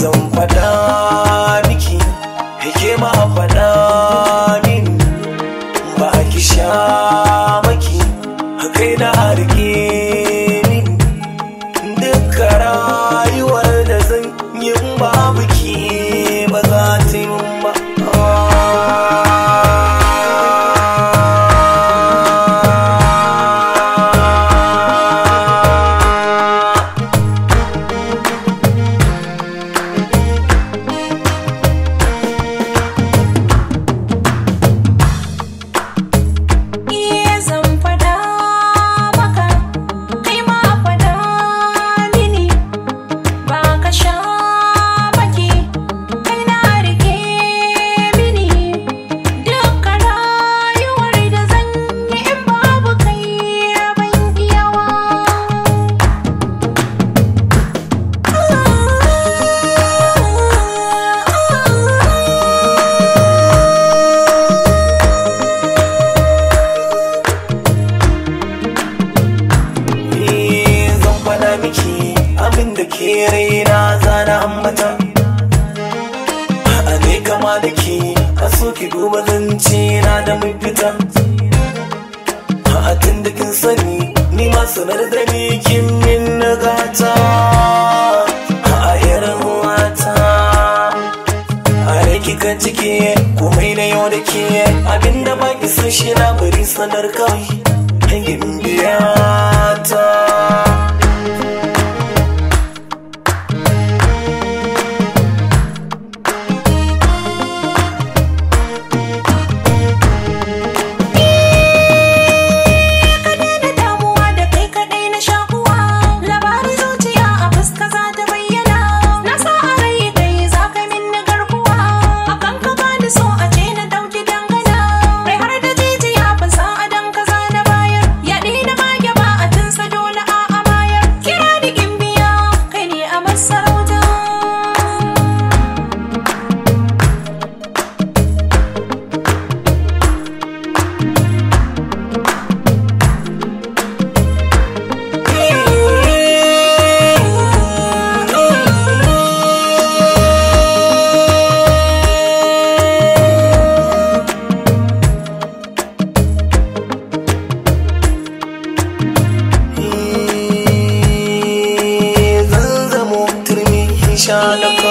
zan faɗa miki hike ma faɗa min ba ki sha maki kai da harki mata a ne kama da ke a duba zance na da mafita a tun da kin sani ni ma sanar da ni kin min na gata a yar uwata a raki kan ciki komai na yau da ke abinda ba ki shi na bari sanar kai hangin biya ta shine